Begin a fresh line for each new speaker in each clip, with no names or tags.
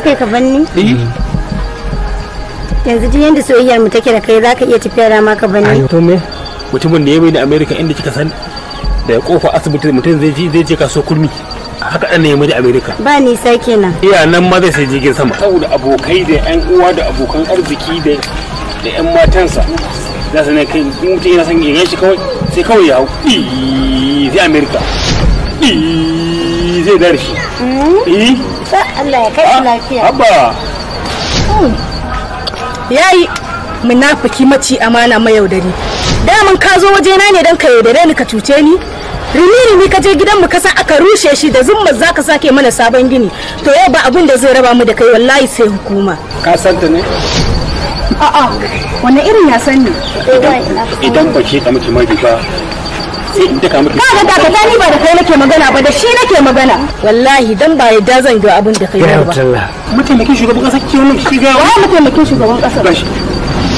aka yi ka banni eh. yanzu duk yadda soyayyar mu take da kai ka iya tafiya da ma ka banni to me mutumin da ya bai da America inda kika san da kofa asibiti mutum zai je zai je kaso kurmi haka dan ne da amerika ba ni sai kenan iya nan ma zai sai jirgin sama saboda abokai da yan uwa da abokan arziki da da yan matansa za su ne kai mutum yana son ya shi kawai sai kawai ya hau zai amerika zai dar shi mm. Allah ya kai hmm. yayi munafiki maci amana mai yaudari daman ka zo na ne don ka yaudare ni ka cuce ni rimini ni ka je gidanmu ka sa aka rushe shi da zumma za ka sake mana sabon gini to yau ba abin da zai raba mu da kai wallahi sai hukuma ka san ta ne a'a wani irin ya san ne idan ba ki da miki mai ba sai daka miki ka ga ka tani ba da kai nake magana ba da shi nake magana wallahi dan ba yadda zan ga abin da kai ba mataimakin shugaban kasa kike wannan shi ga wa mataimakin shugaban kasa gashi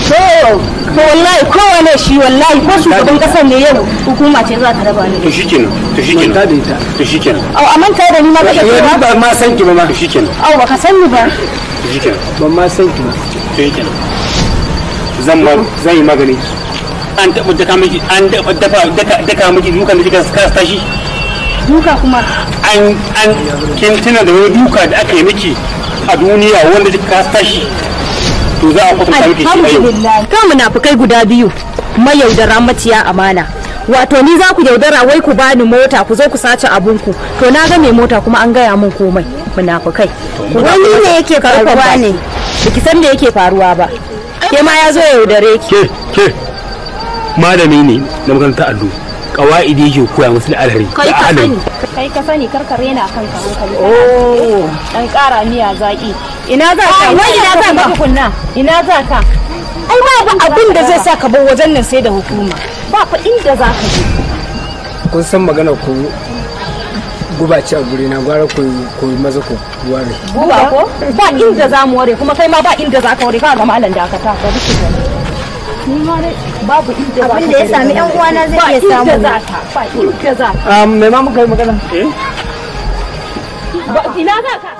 to to wallahi ko wane shi wallahi ko shugaban kasar ne yau hukuma ce za ta raba ni to shikenan to shikenan ta dinta to shikenan au aman ta da ni ma ka da eh, ba ma san ki ba ma to shikenan au baka san ni ba to shikenan ban ma san ki ba to shikenan zan ba zan yi magani an taɓa daka miki an dafa daka miki dukan da kika ka tashi duka kuma an an kin tuna da wani duka da aka yi miki a duniya wanda kika ka tashi to za a kwatanta miki alhamdulillah a yau ka munafukai guda biyu mayaudara maciya amana wato ni za ku yaudara wai ku bani mota ku zo ku sace abunku to na ga mai mota kuma an gaya min komai munafukai wani ne yake faruwa ne biki san da yake faruwa ba ke ma ya zo yaudare ki ke ke malami ne na makarantar allo kawa'idi yake koya musu da kai ka sani kai ka sani karkare na kan ka hankali oh an kara miya zaki ina za ka wai ina za ka kunna ina za ka ai ba abin da zai sa ka bar wajen nan sai da hukuma ba fa inda za ka je kun san magana ku gubace a guri na gwara ku ku maza ku ware guba ko ba inda za mu ware kuma kai ma ba inda za ka ware ka ga malam da ka bi babu inda abin da ya sami yan na zai iya samu ba eh? ka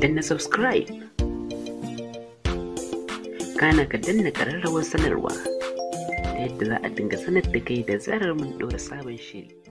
danna subscribe kana ka danna kararrawar sanarwa ta yadda za a dinga sanar da kai da zarar mun sabon shiri